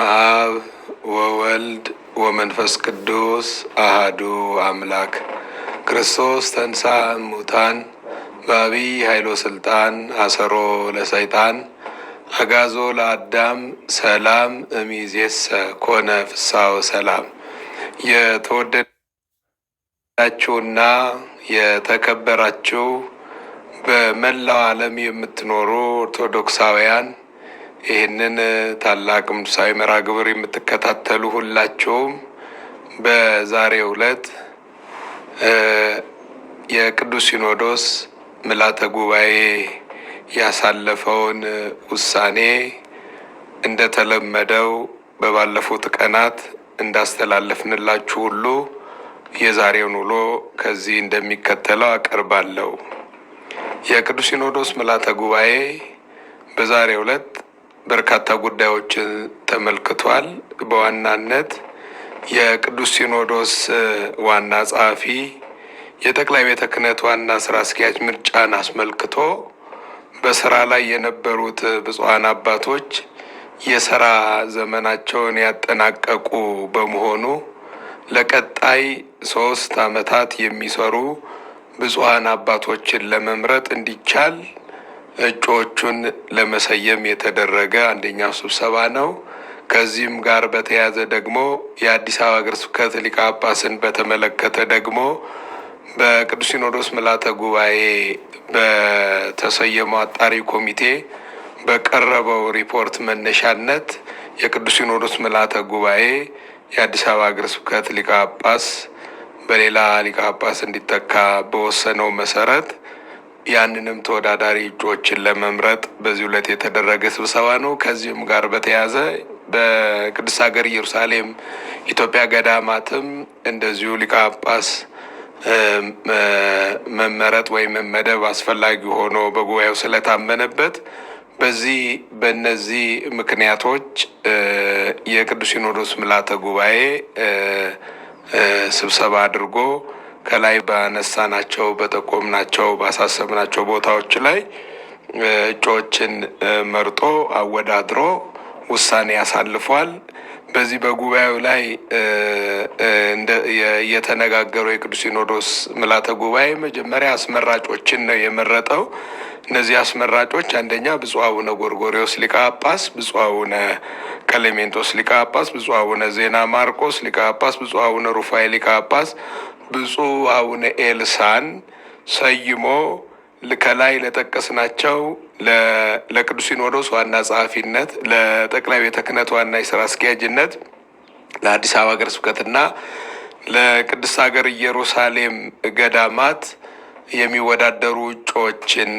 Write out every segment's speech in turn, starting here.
በስመ አብ ወወልድ ወመንፈስ ቅዱስ አሃዱ አምላክ። ክርስቶስ ተንሳ ሙታን በአቢይ ኃይሎ ስልጣን አሰሮ ለሰይጣን አጋዞ ለአዳም ሰላም እሚዜሰ ኮነ ፍሳው ሰላም። የተወደዳችሁና የተከበራችሁ በመላው ዓለም የምትኖሩ ኦርቶዶክሳውያን ይህንን ታላቅ ምሳዊ መርሃ ግብር የምትከታተሉ ሁላቸውም በዛሬ ዕለት የቅዱስ ሲኖዶስ ምልዓተ ጉባኤ ያሳለፈውን ውሳኔ እንደተለመደው በባለፉት ቀናት እንዳስተላለፍንላችሁ ሁሉ የዛሬውን ውሎ ከዚህ እንደሚከተለው አቀርባለሁ። የቅዱስ ሲኖዶስ ምልዓተ ጉባኤ በዛሬ ዕለት በርካታ ጉዳዮችን ተመልክቷል። በዋናነት የቅዱስ ሲኖዶስ ዋና ጸሐፊ የጠቅላይ ቤተ ክህነት ዋና ስራ አስኪያጅ ምርጫን አስመልክቶ በስራ ላይ የነበሩት ብፁዓን አባቶች የስራ ዘመናቸውን ያጠናቀቁ በመሆኑ ለቀጣይ ሶስት ዓመታት የሚሰሩ ብፁዓን አባቶችን ለመምረጥ እንዲቻል እጩዎቹን ለመሰየም የተደረገ አንደኛው ስብሰባ ነው። ከዚህም ጋር በተያያዘ ደግሞ የአዲስ አበባ ሀገረ ስብከት ሊቀ ጳጳስን በተመለከተ ደግሞ በቅዱስ ሲኖዶስ ምልዓተ ጉባኤ በተሰየመው አጣሪ ኮሚቴ በቀረበው ሪፖርት መነሻነት የቅዱስ ሲኖዶስ ምልዓተ ጉባኤ የአዲስ አበባ ሀገረ ስብከት ሊቀ ጳጳስ በሌላ ሊቀ ጳጳስ እንዲተካ በወሰነው መሰረት ያንንም ተወዳዳሪ እጩዎችን ለመምረጥ በዚህ ዕለት የተደረገ ስብሰባ ነው። ከዚሁም ጋር በተያያዘ በቅዱስ ሀገር ኢየሩሳሌም ኢትዮጵያ ገዳማትም እንደዚሁ ሊቀ ጳጳስ መመረጥ ወይም መመደብ አስፈላጊ ሆኖ በጉባኤው ስለታመነበት በዚህ በእነዚህ ምክንያቶች የቅዱስ ሲኖዶስ ምልዓተ ጉባኤ ስብሰባ አድርጎ ከላይ ባነሳናቸው በጠቆምናቸው ባሳሰብናቸው ቦታዎች ላይ እጩዎችን መርጦ አወዳድሮ ውሳኔ አሳልፏል። በዚህ በጉባኤው ላይ የተነጋገረው የቅዱስ ሲኖዶስ ምልዓተ ጉባኤ መጀመሪያ አስመራጮችን ነው የመረጠው። እነዚህ አስመራጮች አንደኛ ብፁዕ አቡነ ጎርጎሪዎስ ሊቀ ጳጳስ፣ ብፁዕ አቡነ ቀሌሜንጦስ ሊቀ ጳጳስ፣ ብፁዕ አቡነ ዜና ማርቆስ ሊቀ ጳጳስ፣ ብፁዕ አቡነ ሩፋኤል ሊቀ ጳጳስ፣ ብፁዕ አቡነ ኤልሳን ሰይሞ ከላይ ለጠቀስናቸው ለቅዱስ ሲኖዶስ ዋና ጸሐፊነት፣ ለጠቅላይ ቤተ ክህነት ዋና የስራ አስኪያጅነት፣ ለአዲስ አበባ ሀገረ ስብከትና ለቅድስት ሀገር ኢየሩሳሌም ገዳማት የሚወዳደሩ እጩዎችን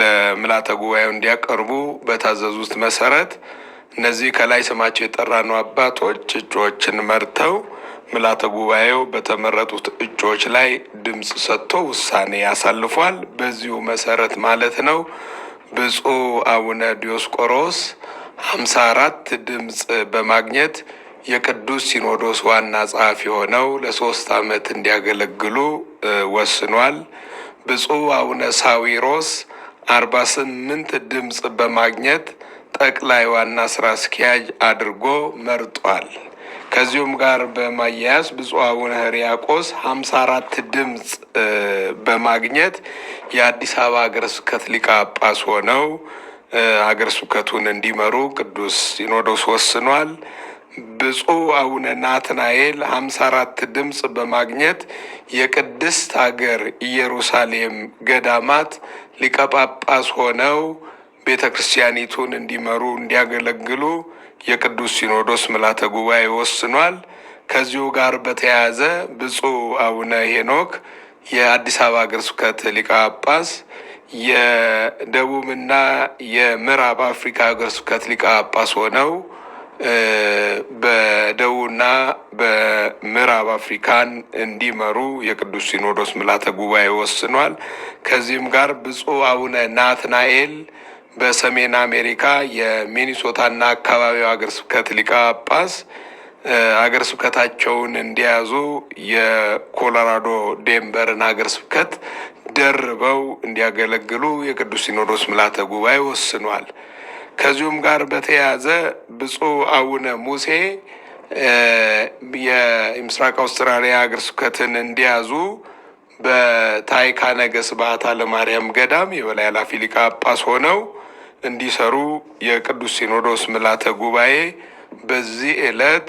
ለምልዓተ ጉባኤው እንዲያቀርቡ በታዘዙት መሰረት እነዚህ ከላይ ስማቸው የጠራነው አባቶች እጩዎችን መርተው ምልዓተ ጉባኤው በተመረጡት እጩዎች ላይ ድምፅ ሰጥቶ ውሳኔ ያሳልፏል። በዚሁ መሰረት ማለት ነው ብፁዕ አቡነ ዲዮስቆሮስ አራት ድምፅ በማግኘት የቅዱስ ሲኖዶስ ዋና ጸሐፊ ሆነው ለሶስት ዓመት እንዲያገለግሉ ወስኗል። ብፁዕ አቡነ ሳዊሮስ ስምንት ድምፅ በማግኘት ጠቅላይ ዋና ስራ አስኪያጅ አድርጎ መርጧል። ከዚሁም ጋር በማያያዝ ብፁዕ አቡነ ሕርያቆስ ሀምሳ አራት ድምፅ በማግኘት የአዲስ አበባ ሀገረ ስብከት ሊቀ ጳጳስ ሆነው ሀገረ ስብከቱን እንዲመሩ ቅዱስ ሲኖዶስ ወስኗል። ብፁዕ አቡነ ናትናኤል ሀምሳ አራት ድምፅ በማግኘት የቅድስት ሀገር ኢየሩሳሌም ገዳማት ሊቀ ጳጳስ ሆነው ቤተ ክርስቲያኒቱን እንዲመሩ እንዲያገለግሉ የቅዱስ ሲኖዶስ ምልዓተ ጉባኤ ወስኗል። ከዚሁ ጋር በተያያዘ ብፁዕ አቡነ ሄኖክ የአዲስ አበባ ሀገረ ስብከት ሊቀ ጳጳስ፣ የደቡብና የምዕራብ አፍሪካ ሀገረ ስብከት ሊቀ ጳጳስ ሆነው በደቡብና በምዕራብ አፍሪካን እንዲመሩ የቅዱስ ሲኖዶስ ምልዓተ ጉባኤ ወስኗል። ከዚህም ጋር ብፁዕ አቡነ ናትናኤል በሰሜን አሜሪካ የሚኒሶታና አካባቢው ሀገረ ስብከት ሊቀ ጳጳስ ሀገረ ስብከታቸውን እንዲያዙ የኮሎራዶ ዴንበርን ሀገረ ስብከት ደርበው እንዲያገለግሉ የቅዱስ ሲኖዶስ ምልዓተ ጉባኤ ወስኗል። ከዚሁም ጋር በተያያዘ ብፁዕ አቡነ ሙሴ የምስራቅ አውስትራሊያ ሀገረ ስብከትን እንዲያዙ በታይካ ነገስ ስብሐተ ለማርያም ገዳም የበላይ ኃላፊ ሊቀ ጳጳስ ሆነው እንዲሰሩ የቅዱስ ሲኖዶስ ምልዓተ ጉባኤ በዚህ ዕለት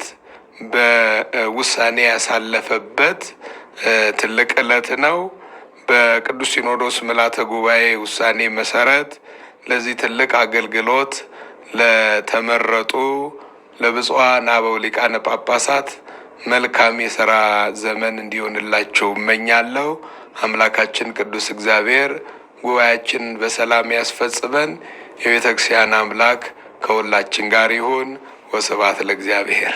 በውሳኔ ያሳለፈበት ትልቅ ዕለት ነው። በቅዱስ ሲኖዶስ ምልዓተ ጉባኤ ውሳኔ መሰረት ለዚህ ትልቅ አገልግሎት ለተመረጡ ለብፁዓን አበው ሊቃነ ጳጳሳት መልካም የሰራ ዘመን እንዲሆንላቸው እመኛለሁ። አምላካችን ቅዱስ እግዚአብሔር ጉባኤያችን በሰላም ያስፈጽመን። የቤተ ክርስቲያን አምላክ ከሁላችን ጋር ይሁን። ወስብሐት ለእግዚአብሔር።